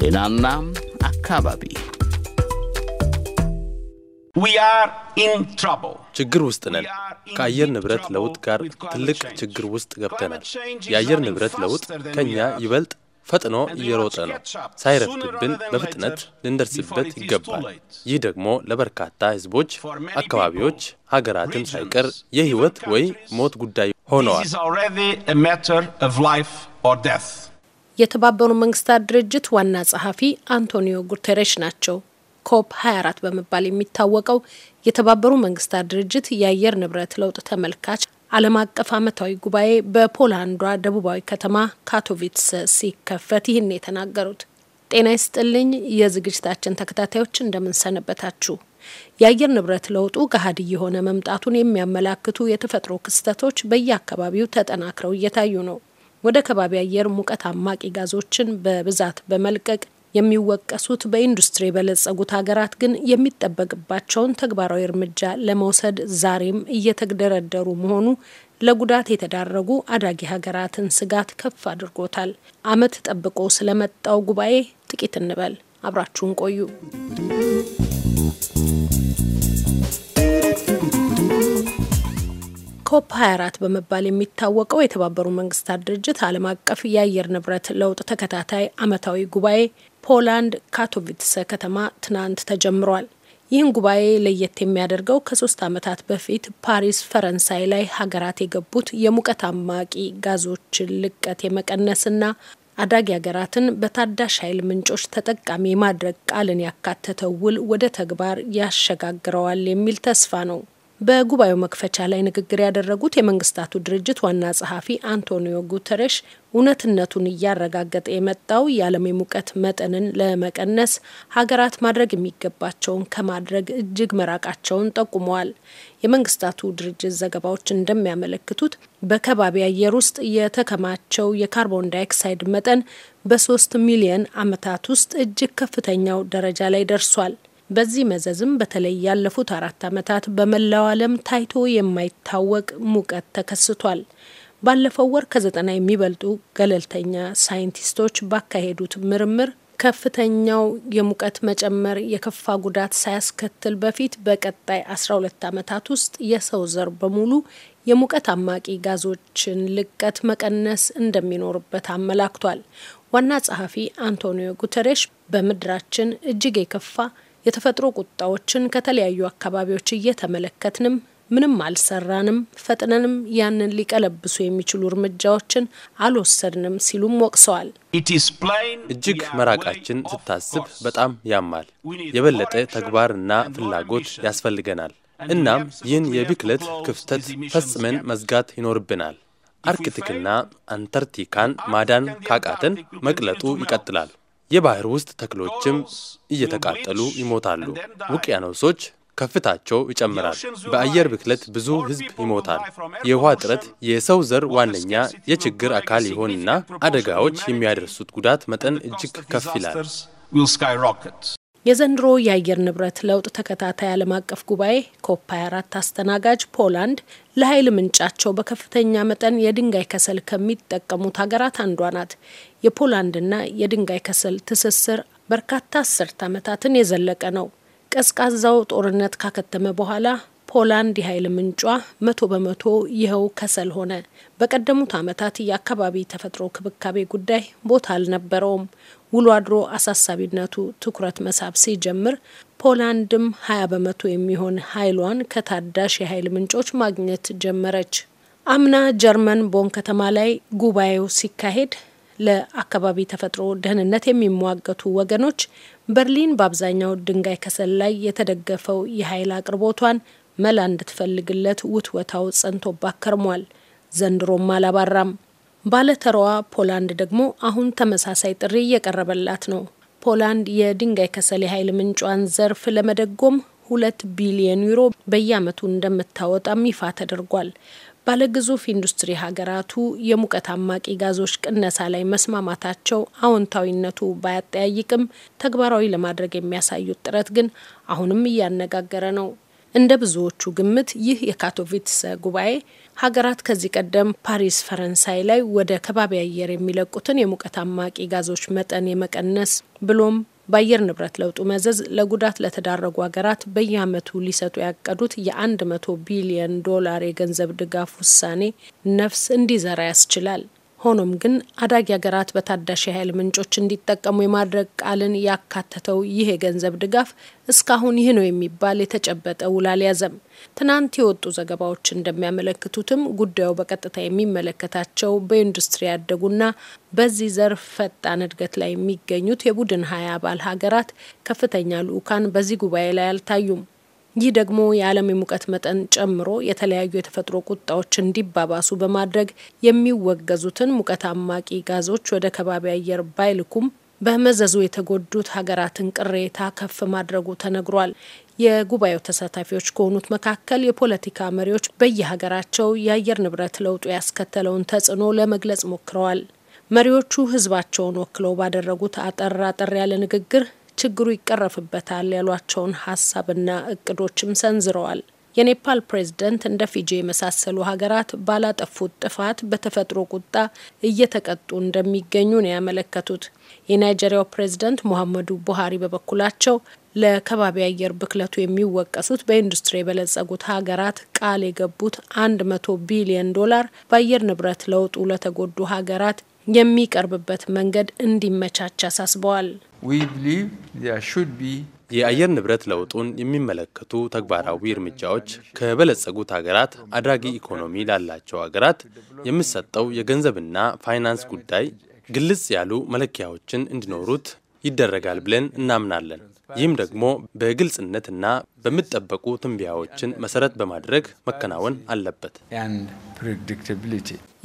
ጤናና አካባቢ ችግር ውስጥ ነን። ከአየር ንብረት ለውጥ ጋር ትልቅ ችግር ውስጥ ገብተናል። የአየር ንብረት ለውጥ ከኛ ይበልጥ ፈጥኖ እየሮጠ ነው። ሳይረፍድብን በፍጥነት ልንደርስበት ይገባል። ይህ ደግሞ ለበርካታ ሕዝቦች፣ አካባቢዎች፣ ሀገራትን ሳይቀር የህይወት ወይ ሞት ጉዳይ ሆነዋል። የተባበሩ መንግስታት ድርጅት ዋና ጸሐፊ አንቶኒዮ ጉተሬሽ ናቸው። ኮፕ 24 በመባል የሚታወቀው የተባበሩ መንግስታት ድርጅት የአየር ንብረት ለውጥ ተመልካች ዓለም አቀፍ ዓመታዊ ጉባኤ በፖላንዷ ደቡባዊ ከተማ ካቶቪትስ ሲከፈት ይህን የተናገሩት። ጤና ይስጥልኝ የዝግጅታችን ተከታታዮች እንደምንሰነበታችሁ። የአየር ንብረት ለውጡ ገሀድ እየሆነ መምጣቱን የሚያመላክቱ የተፈጥሮ ክስተቶች በየአካባቢው ተጠናክረው እየታዩ ነው። ወደ ከባቢ አየር ሙቀት አማቂ ጋዞችን በብዛት በመልቀቅ የሚወቀሱት በኢንዱስትሪ የበለጸጉት ሀገራት ግን የሚጠበቅባቸውን ተግባራዊ እርምጃ ለመውሰድ ዛሬም እየተግደረደሩ መሆኑ ለጉዳት የተዳረጉ አዳጊ ሀገራትን ስጋት ከፍ አድርጎታል። አመት ጠብቆ ስለመጣው ጉባኤ ጥቂት እንበል። አብራችሁን ቆዩ። ኮፕ 24 በመባል የሚታወቀው የተባበሩ መንግስታት ድርጅት ዓለም አቀፍ የአየር ንብረት ለውጥ ተከታታይ አመታዊ ጉባኤ ፖላንድ ካቶቪትሰ ከተማ ትናንት ተጀምሯል። ይህን ጉባኤ ለየት የሚያደርገው ከሶስት ዓመታት በፊት ፓሪስ ፈረንሳይ ላይ ሀገራት የገቡት የሙቀት አማቂ ጋዞችን ልቀት የመቀነስና አዳጊ ሀገራትን በታዳሽ ኃይል ምንጮች ተጠቃሚ የማድረግ ቃልን ያካተተው ውል ወደ ተግባር ያሸጋግረዋል የሚል ተስፋ ነው። በጉባኤው መክፈቻ ላይ ንግግር ያደረጉት የመንግስታቱ ድርጅት ዋና ጸሐፊ አንቶኒዮ ጉተረሽ እውነትነቱን እያረጋገጠ የመጣው የዓለም የሙቀት መጠንን ለመቀነስ ሀገራት ማድረግ የሚገባቸውን ከማድረግ እጅግ መራቃቸውን ጠቁመዋል። የመንግስታቱ ድርጅት ዘገባዎች እንደሚያመለክቱት በከባቢ አየር ውስጥ የተከማቸው የካርቦን ዳይኦክሳይድ መጠን በሶስት ሚሊየን ዓመታት ውስጥ እጅግ ከፍተኛው ደረጃ ላይ ደርሷል። በዚህ መዘዝም በተለይ ያለፉት አራት ዓመታት በመላው ዓለም ታይቶ የማይታወቅ ሙቀት ተከስቷል። ባለፈው ወር ከዘጠና የሚበልጡ ገለልተኛ ሳይንቲስቶች ባካሄዱት ምርምር ከፍተኛው የሙቀት መጨመር የከፋ ጉዳት ሳያስከትል በፊት በቀጣይ 12 ዓመታት ውስጥ የሰው ዘር በሙሉ የሙቀት አማቂ ጋዞችን ልቀት መቀነስ እንደሚኖርበት አመላክቷል። ዋና ጸሐፊ አንቶኒዮ ጉተሬሽ በምድራችን እጅግ የከፋ የተፈጥሮ ቁጣዎችን ከተለያዩ አካባቢዎች እየተመለከትንም ምንም አልሰራንም፣ ፈጥነንም ያንን ሊቀለብሱ የሚችሉ እርምጃዎችን አልወሰድንም ሲሉም ወቅሰዋል። እጅግ መራቃችን ስታስብ በጣም ያማል። የበለጠ ተግባርና ፍላጎት ያስፈልገናል። እናም ይህን የብክለት ክፍተት ፈጽመን መዝጋት ይኖርብናል። አርክቲክና አንታርክቲካን ማዳን ካቃተን መቅለጡ ይቀጥላል። የባህር ውስጥ ተክሎችም እየተቃጠሉ ይሞታሉ። ውቅያኖሶች ከፍታቸው ይጨምራል። በአየር ብክለት ብዙ ሕዝብ ይሞታል። የውሃ እጥረት የሰው ዘር ዋነኛ የችግር አካል ይሆንና አደጋዎች የሚያደርሱት ጉዳት መጠን እጅግ ከፍ ይላል። የዘንድሮ የአየር ንብረት ለውጥ ተከታታይ ዓለም አቀፍ ጉባኤ ኮፕ 24 አስተናጋጅ ፖላንድ ለኃይል ምንጫቸው በከፍተኛ መጠን የድንጋይ ከሰል ከሚጠቀሙት ሀገራት አንዷ ናት። የፖላንድና የድንጋይ ከሰል ትስስር በርካታ አስርት ዓመታትን የዘለቀ ነው። ቀዝቃዛው ጦርነት ካከተመ በኋላ የሆላንድ የኃይል ምንጯ መቶ በመቶ ይኸው ከሰል ሆነ። በቀደሙት ዓመታት የአካባቢ ተፈጥሮ ክብካቤ ጉዳይ ቦታ አልነበረውም። ውሎ አድሮ አሳሳቢነቱ ትኩረት መሳብ ሲጀምር ፖላንድም ሀያ በመቶ የሚሆን ኃይሏን ከታዳሽ የኃይል ምንጮች ማግኘት ጀመረች። አምና ጀርመን ቦን ከተማ ላይ ጉባኤው ሲካሄድ ለአካባቢ ተፈጥሮ ደህንነት የሚሟገቱ ወገኖች በርሊን በአብዛኛው ድንጋይ ከሰል ላይ የተደገፈው የኃይል አቅርቦቷን መላ እንድትፈልግለት ውትወታው ጸንቶባት ከርሟል። ዘንድሮም አላባራም። ባለተራዋ ፖላንድ ደግሞ አሁን ተመሳሳይ ጥሪ እየቀረበላት ነው። ፖላንድ የድንጋይ ከሰል የኃይል ምንጯን ዘርፍ ለመደጎም ሁለት ቢሊዮን ዩሮ በየዓመቱ እንደምታወጣም ይፋ ተደርጓል። ባለግዙፍ ኢንዱስትሪ ሀገራቱ የሙቀት አማቂ ጋዞች ቅነሳ ላይ መስማማታቸው አዎንታዊነቱ ባያጠያይቅም ተግባራዊ ለማድረግ የሚያሳዩት ጥረት ግን አሁንም እያነጋገረ ነው። እንደ ብዙዎቹ ግምት ይህ የካቶቪትሰ ጉባኤ ሀገራት ከዚህ ቀደም ፓሪስ ፈረንሳይ ላይ ወደ ከባቢ አየር የሚለቁትን የሙቀት አማቂ ጋዞች መጠን የመቀነስ ብሎም በአየር ንብረት ለውጡ መዘዝ ለጉዳት ለተዳረጉ ሀገራት በየዓመቱ ሊሰጡ ያቀዱት የ100 ቢሊዮን ዶላር የገንዘብ ድጋፍ ውሳኔ ነፍስ እንዲዘራ ያስችላል። ሆኖም ግን አዳጊ ሀገራት በታዳሽ የኃይል ምንጮች እንዲጠቀሙ የማድረግ ቃልን ያካተተው ይህ የገንዘብ ድጋፍ እስካሁን ይህ ነው የሚባል የተጨበጠ ውል አልያዘም። ትናንት የወጡ ዘገባዎች እንደሚያመለክቱትም ጉዳዩ በቀጥታ የሚመለከታቸው በኢንዱስትሪ ያደጉና በዚህ ዘርፍ ፈጣን እድገት ላይ የሚገኙት የቡድን ሀያ አባል ሀገራት ከፍተኛ ልዑካን በዚህ ጉባኤ ላይ አልታዩም። ይህ ደግሞ የዓለም የሙቀት መጠን ጨምሮ የተለያዩ የተፈጥሮ ቁጣዎች እንዲባባሱ በማድረግ የሚወገዙትን ሙቀት አማቂ ጋዞች ወደ ከባቢ አየር ባይልኩም በመዘዙ የተጎዱት ሀገራትን ቅሬታ ከፍ ማድረጉ ተነግሯል። የጉባኤው ተሳታፊዎች ከሆኑት መካከል የፖለቲካ መሪዎች በየሀገራቸው የአየር ንብረት ለውጡ ያስከተለውን ተጽዕኖ ለመግለጽ ሞክረዋል። መሪዎቹ ሕዝባቸውን ወክለው ባደረጉት አጠር አጠር ያለ ንግግር ችግሩ ይቀረፍበታል ያሏቸውን ሀሳብና እቅዶችም ሰንዝረዋል። የኔፓል ፕሬዝደንት እንደ ፊጂ የመሳሰሉ ሀገራት ባላጠፉት ጥፋት በተፈጥሮ ቁጣ እየተቀጡ እንደሚገኙ ነው ያመለከቱት። የናይጄሪያው ፕሬዝደንት ሙሐመዱ ቡሃሪ በበኩላቸው ለከባቢ አየር ብክለቱ የሚወቀሱት በኢንዱስትሪ የበለጸጉት ሀገራት ቃል የገቡት አንድ መቶ ቢሊዮን ዶላር በአየር ንብረት ለውጡ ለተጎዱ ሀገራት የሚቀርብበት መንገድ እንዲመቻች አሳስበዋል። የአየር ንብረት ለውጡን የሚመለከቱ ተግባራዊ እርምጃዎች ከበለጸጉት ሀገራት አድራጊ ኢኮኖሚ ላላቸው ሀገራት የሚሰጠው የገንዘብና ፋይናንስ ጉዳይ ግልጽ ያሉ መለኪያዎችን እንዲኖሩት ይደረጋል ብለን እናምናለን። ይህም ደግሞ በግልጽነትና በሚጠበቁ ትንቢያዎችን መሰረት በማድረግ መከናወን አለበት።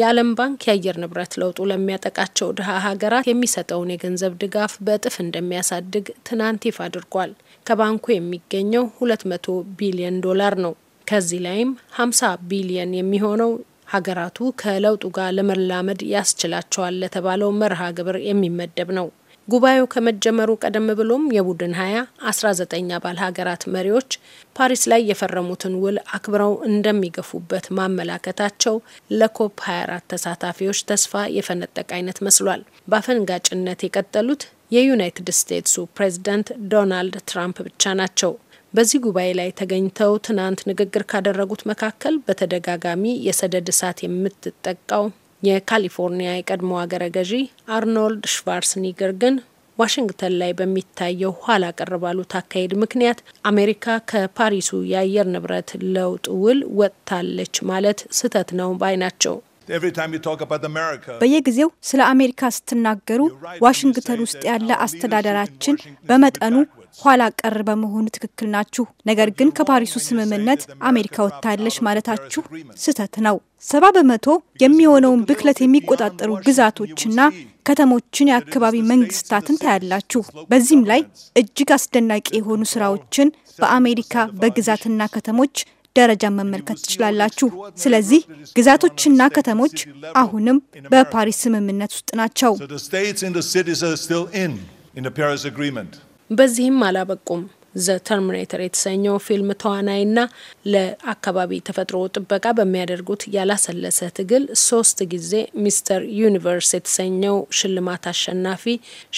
የዓለም ባንክ የአየር ንብረት ለውጡ ለሚያጠቃቸው ድሀ ሀገራት የሚሰጠውን የገንዘብ ድጋፍ በእጥፍ እንደሚያሳድግ ትናንት ይፋ አድርጓል። ከባንኩ የሚገኘው 200 ቢሊዮን ዶላር ነው። ከዚህ ላይም 50 ቢሊዮን የሚሆነው ሀገራቱ ከለውጡ ጋር ለመላመድ ያስችላቸዋል ለተባለው መርሃ ግብር የሚመደብ ነው። ጉባኤው ከመጀመሩ ቀደም ብሎም የቡድን ሀያ አስራ ዘጠኝ አባል ሀገራት መሪዎች ፓሪስ ላይ የፈረሙትን ውል አክብረው እንደሚገፉበት ማመላከታቸው ለኮፕ 24 ተሳታፊዎች ተስፋ የፈነጠቀ አይነት መስሏል። በአፈንጋጭነት የቀጠሉት የዩናይትድ ስቴትሱ ፕሬዝዳንት ዶናልድ ትራምፕ ብቻ ናቸው። በዚህ ጉባኤ ላይ ተገኝተው ትናንት ንግግር ካደረጉት መካከል በተደጋጋሚ የሰደድ እሳት የምትጠቃው የካሊፎርኒያ የቀድሞ አገረ ገዢ አርኖልድ ሽቫርስኒገር ግን ዋሽንግተን ላይ በሚታየው ኋላ ቀር ባሉት አካሄድ ምክንያት አሜሪካ ከፓሪሱ የአየር ንብረት ለውጥ ውል ወጥታለች ማለት ስህተት ነው ባይ ናቸው። በየጊዜው ስለ አሜሪካ ስትናገሩ ዋሽንግተን ውስጥ ያለ አስተዳደራችን በመጠኑ ኋላ ቀር በመሆኑ ትክክል ናችሁ፣ ነገር ግን ከፓሪሱ ስምምነት አሜሪካ ወጥታለች ማለታችሁ ስህተት ነው። ሰባ በመቶ የሚሆነውን ብክለት የሚቆጣጠሩ ግዛቶችና ከተሞችን የአካባቢ መንግስታትን ታያላችሁ። በዚህም ላይ እጅግ አስደናቂ የሆኑ ስራዎችን በአሜሪካ በግዛትና ከተሞች ደረጃ መመልከት ትችላላችሁ። ስለዚህ ግዛቶችና ከተሞች አሁንም በፓሪስ ስምምነት ውስጥ ናቸው። በዚህም አላበቁም። ዘ ተርሚኔተር የተሰኘው ፊልም ተዋናይና ለአካባቢ ተፈጥሮ ጥበቃ በሚያደርጉት ያላሰለሰ ትግል ሶስት ጊዜ ሚስተር ዩኒቨርስ የተሰኘው ሽልማት አሸናፊ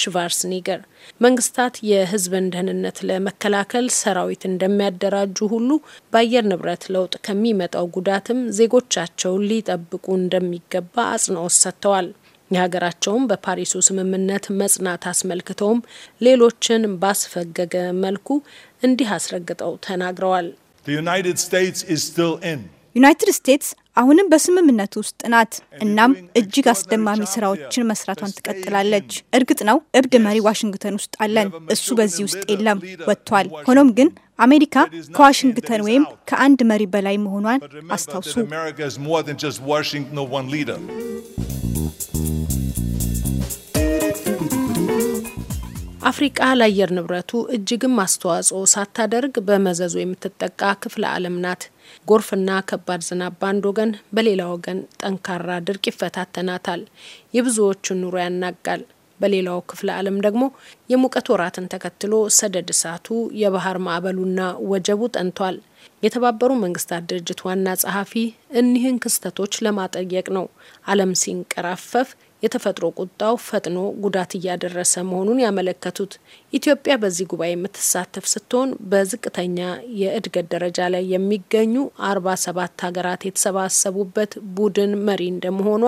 ሽቫርስኒገር መንግስታት የህዝብን ደህንነት ለመከላከል ሰራዊት እንደሚያደራጁ ሁሉ በአየር ንብረት ለውጥ ከሚመጣው ጉዳትም ዜጎቻቸውን ሊጠብቁ እንደሚገባ አጽንኦት ሰጥተዋል። የሀገራቸውን በፓሪሱ ስምምነት መጽናት አስመልክተውም ሌሎችን ባስፈገገ መልኩ እንዲህ አስረግጠው ተናግረዋል። ዩናይትድ ስቴትስ አሁንም በስምምነቱ ውስጥ ናት። እናም እጅግ አስደማሚ ስራዎችን መስራቷን ትቀጥላለች። እርግጥ ነው እብድ መሪ ዋሽንግተን ውስጥ አለን። እሱ በዚህ ውስጥ የለም፣ ወጥቷል። ሆኖም ግን አሜሪካ ከዋሽንግተን ወይም ከአንድ መሪ በላይ መሆኗን አስታውሱ። አፍሪቃ ለአየር ንብረቱ እጅግም አስተዋጽኦ ሳታደርግ በመዘዙ የምትጠቃ ክፍለ ዓለም ናት። ጎርፍና ከባድ ዝናብ በአንድ ወገን፣ በሌላ ወገን ጠንካራ ድርቅ ይፈታተናታል፣ የብዙዎቹን ኑሮ ያናጋል። በሌላው ክፍለ ዓለም ደግሞ የሙቀት ወራትን ተከትሎ ሰደድ እሳቱ የባህር ማዕበሉና ወጀቡ ጠንቷል። የተባበሩ መንግስታት ድርጅት ዋና ጸሐፊ እኒህን ክስተቶች ለማጠየቅ ነው። ዓለም ሲንቀራፈፍ የተፈጥሮ ቁጣው ፈጥኖ ጉዳት እያደረሰ መሆኑን ያመለከቱት ኢትዮጵያ በዚህ ጉባኤ የምትሳተፍ ስትሆን በዝቅተኛ የእድገት ደረጃ ላይ የሚገኙ አርባ ሰባት ሀገራት የተሰባሰቡበት ቡድን መሪ እንደመሆኗ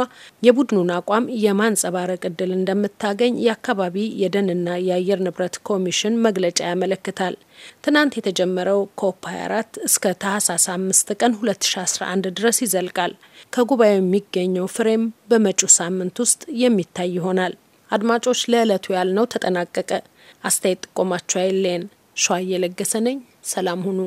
የቡድኑን አቋም የማንጸባረቅ እድል እንደምታገኝ የአካባቢ የደንና የአየር ንብረት ኮሚሽን መግለጫ ያመለክታል። ትናንት የተጀመረው ኮፕ 24 እስከ ታህሳስ 5 ቀን 2011 ድረስ ይዘልቃል። ከጉባኤው የሚገኘው ፍሬም በመጪው ሳምንት ውስጥ የሚታይ ይሆናል። አድማጮች፣ ለዕለቱ ያልነው ተጠናቀቀ። አስተያየት ጥቆማቸው አይለየን። ሸዋ እየለገሰ ነኝ። ሰላም ሁኑ።